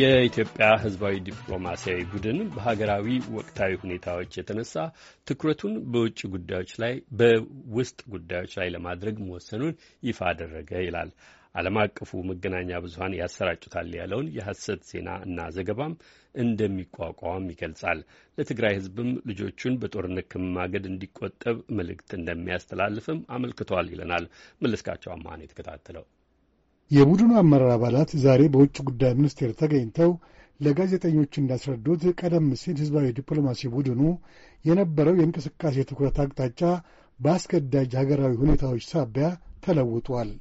የኢትዮጵያ ሕዝባዊ ዲፕሎማሲያዊ ቡድን በሀገራዊ ወቅታዊ ሁኔታዎች የተነሳ ትኩረቱን በውጭ ጉዳዮች ላይ በውስጥ ጉዳዮች ላይ ለማድረግ መወሰኑን ይፋ አደረገ ይላል። ዓለም አቀፉ መገናኛ ብዙኃን ያሰራጩታል ያለውን የሐሰት ዜና እና ዘገባም እንደሚቋቋም ይገልጻል። ለትግራይ ሕዝብም ልጆቹን በጦርነት ከመማገድ እንዲቆጠብ መልእክት እንደሚያስተላልፍም አመልክቷል ይለናል። መለስካቸው አማን የተከታተለው የቡድኑ አመራር አባላት ዛሬ በውጭ ጉዳይ ሚኒስቴር ተገኝተው ለጋዜጠኞች እንዳስረዱት ቀደም ሲል ህዝባዊ ዲፕሎማሲ ቡድኑ የነበረው የእንቅስቃሴ ትኩረት አቅጣጫ በአስገዳጅ ሀገራዊ ሁኔታዎች ሳቢያ ተለውጧል።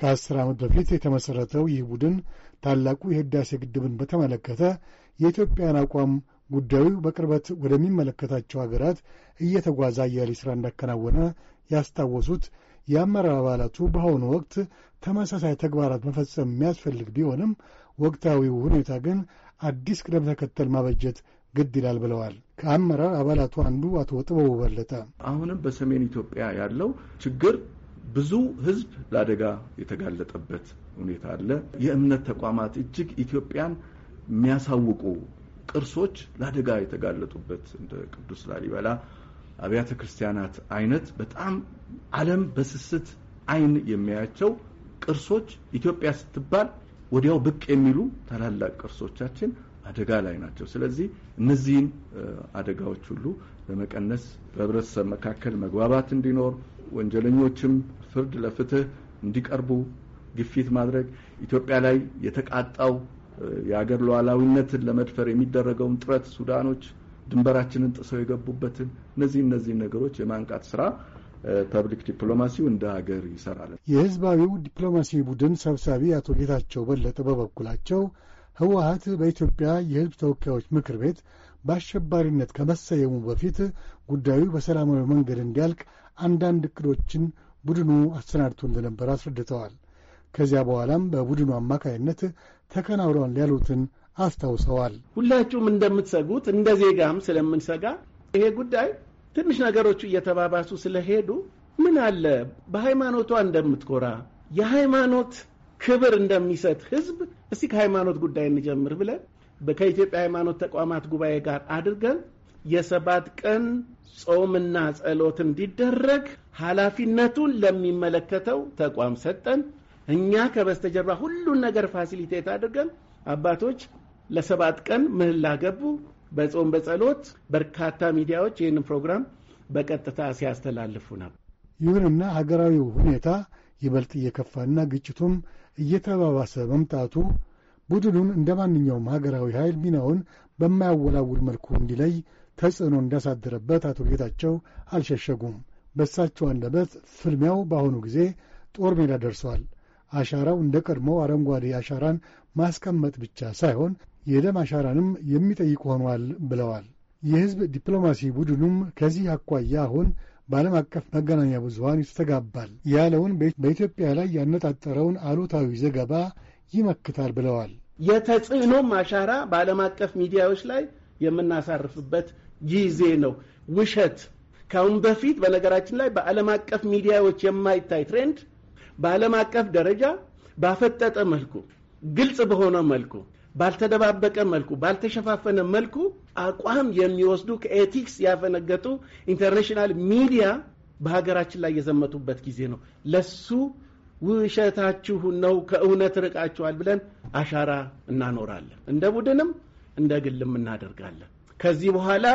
ከአስር ዓመት በፊት የተመሠረተው ይህ ቡድን ታላቁ የህዳሴ ግድብን በተመለከተ የኢትዮጵያን አቋም ጉዳዩ በቅርበት ወደሚመለከታቸው አገራት እየተጓዘ አያሌ ሥራ እንዳከናወነ ያስታወሱት የአመራር አባላቱ በአሁኑ ወቅት ተመሳሳይ ተግባራት መፈጸም የሚያስፈልግ ቢሆንም ወቅታዊው ሁኔታ ግን አዲስ ቅደም ተከተል ማበጀት ግድ ይላል ብለዋል። ከአመራር አባላቱ አንዱ አቶ ጥበቡ በለጠ አሁንም በሰሜን ኢትዮጵያ ያለው ችግር ብዙ ህዝብ ለአደጋ የተጋለጠበት ሁኔታ አለ። የእምነት ተቋማት እጅግ ኢትዮጵያን የሚያሳውቁ ቅርሶች ለአደጋ የተጋለጡበት እንደ ቅዱስ ላሊበላ አብያተ ክርስቲያናት አይነት በጣም ዓለም በስስት አይን የሚያያቸው ቅርሶች ኢትዮጵያ ስትባል ወዲያው ብቅ የሚሉ ታላላቅ ቅርሶቻችን አደጋ ላይ ናቸው። ስለዚህ እነዚህን አደጋዎች ሁሉ ለመቀነስ በህብረተሰብ መካከል መግባባት እንዲኖር ወንጀለኞችም ፍርድ ለፍትህ እንዲቀርቡ ግፊት ማድረግ ኢትዮጵያ ላይ የተቃጣው የአገር ሉዓላዊነትን ለመድፈር የሚደረገውን ጥረት ሱዳኖች ድንበራችንን ጥሰው የገቡበትን እነዚህ እነዚህን ነገሮች የማንቃት ስራ ፐብሊክ ዲፕሎማሲው እንደ ሀገር ይሰራል። የህዝባዊው ዲፕሎማሲ ቡድን ሰብሳቢ አቶ ጌታቸው በለጠ በበኩላቸው ህወሀት በኢትዮጵያ የህዝብ ተወካዮች ምክር ቤት በአሸባሪነት ከመሰየሙ በፊት ጉዳዩ በሰላማዊ መንገድ እንዲያልቅ አንዳንድ እቅዶችን ቡድኑ አሰናድቶ እንደነበር አስረድተዋል። ከዚያ በኋላም በቡድኑ አማካይነት ተከናውረዋል ያሉትን አስታውሰዋል። ሁላችሁም እንደምትሰጉት እንደ ዜጋም ስለምንሰጋ ይሄ ጉዳይ ትንሽ ነገሮቹ እየተባባሱ ስለሄዱ ምን አለ በሃይማኖቷ እንደምትኮራ የሃይማኖት ክብር እንደሚሰጥ ህዝብ እስቲ ከሃይማኖት ጉዳይ እንጀምር ብለን ከኢትዮጵያ ሃይማኖት ተቋማት ጉባኤ ጋር አድርገን የሰባት ቀን ጾምና ጸሎት እንዲደረግ ኃላፊነቱን ለሚመለከተው ተቋም ሰጠን። እኛ ከበስተጀርባ ሁሉን ነገር ፋሲሊቴት አድርገን አባቶች ለሰባት ቀን ምህላ ገቡ። በጾም በጸሎት በርካታ ሚዲያዎች ይህንን ፕሮግራም በቀጥታ ሲያስተላልፉ ነበር። ይሁንና ሀገራዊው ሁኔታ ይበልጥ እየከፋና ግጭቱም እየተባባሰ መምጣቱ ቡድኑን እንደ ማንኛውም ሀገራዊ ኃይል ሚናውን በማያወላውል መልኩ እንዲለይ ተጽዕኖ እንዳሳደረበት አቶ ጌታቸው አልሸሸጉም። በእሳቸው አንደበት ፍልሚያው በአሁኑ ጊዜ ጦር ሜዳ ደርሷል። አሻራው እንደ ቀድሞ አረንጓዴ አሻራን ማስቀመጥ ብቻ ሳይሆን የደም አሻራንም የሚጠይቅ ሆኗል ብለዋል። የሕዝብ ዲፕሎማሲ ቡድኑም ከዚህ አኳያ አሁን በዓለም አቀፍ መገናኛ ብዙሀን ይስተጋባል ያለውን በኢትዮጵያ ላይ ያነጣጠረውን አሉታዊ ዘገባ ይመክታል ብለዋል። የተጽዕኖም አሻራ በዓለም አቀፍ ሚዲያዎች ላይ የምናሳርፍበት ጊዜ ነው። ውሸት ከአሁን በፊት በነገራችን ላይ በዓለም አቀፍ ሚዲያዎች የማይታይ ትሬንድ በዓለም አቀፍ ደረጃ ባፈጠጠ መልኩ፣ ግልጽ በሆነ መልኩ፣ ባልተደባበቀ መልኩ፣ ባልተሸፋፈነ መልኩ አቋም የሚወስዱ ከኤቲክስ ያፈነገጡ ኢንተርናሽናል ሚዲያ በሀገራችን ላይ የዘመቱበት ጊዜ ነው። ለሱ ውሸታችሁ ነው ከእውነት ርቃችኋል ብለን አሻራ እናኖራለን። እንደ ቡድንም እንደ ግልም እናደርጋለን። ከዚህ በኋላ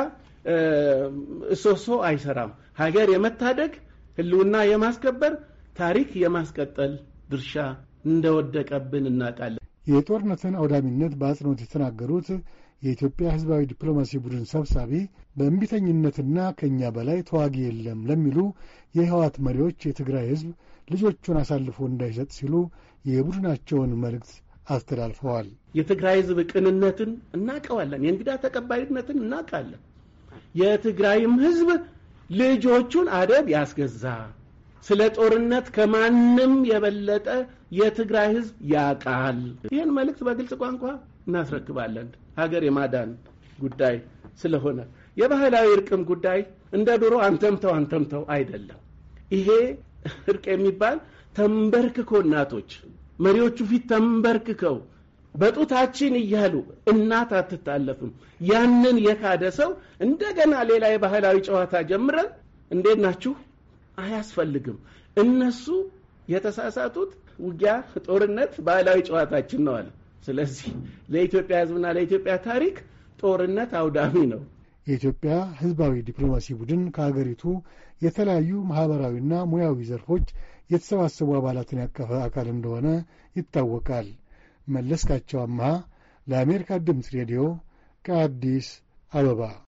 እሶሶ አይሰራም። ሀገር የመታደግ ህልውና የማስከበር ታሪክ የማስቀጠል ድርሻ እንደወደቀብን እናውቃለን። የጦርነትን አውዳሚነት በአጽንኦት የተናገሩት የኢትዮጵያ ህዝባዊ ዲፕሎማሲ ቡድን ሰብሳቢ በእምቢተኝነትና ከእኛ በላይ ተዋጊ የለም ለሚሉ የህወሓት መሪዎች የትግራይ ህዝብ ልጆቹን አሳልፎ እንዳይሰጥ ሲሉ የቡድናቸውን መልእክት አስተላልፈዋል። የትግራይ ህዝብ ቅንነትን እናቀዋለን። የእንግዳ ተቀባይነትን እናቃለን። የትግራይም ህዝብ ልጆቹን አደብ ያስገዛ ስለ ጦርነት ከማንም የበለጠ የትግራይ ህዝብ ያቃል። ይህን መልእክት በግልጽ ቋንቋ እናስረክባለን። ሀገር የማዳን ጉዳይ ስለሆነ የባህላዊ እርቅም ጉዳይ እንደ ድሮ አንተምተው አንተምተው አይደለም። ይሄ እርቅ የሚባል ተንበርክኮ እናቶች መሪዎቹ ፊት ተንበርክከው በጡታችን እያሉ እናት አትታለፍም። ያንን የካደ ሰው እንደገና ሌላ የባህላዊ ጨዋታ ጀምረን እንዴት ናችሁ አያስፈልግም። እነሱ የተሳሳቱት ውጊያ፣ ጦርነት ባህላዊ ጨዋታችን ነው አለ። ስለዚህ ለኢትዮጵያ ሕዝብና ለኢትዮጵያ ታሪክ ጦርነት አውዳሚ ነው። የኢትዮጵያ ሕዝባዊ ዲፕሎማሲ ቡድን ከአገሪቱ የተለያዩ ማኅበራዊና ሙያዊ ዘርፎች የተሰባሰቡ አባላትን ያቀፈ አካል እንደሆነ ይታወቃል። መለስካቸው አምሃ ለአሜሪካ ድምፅ ሬዲዮ ከአዲስ አበባ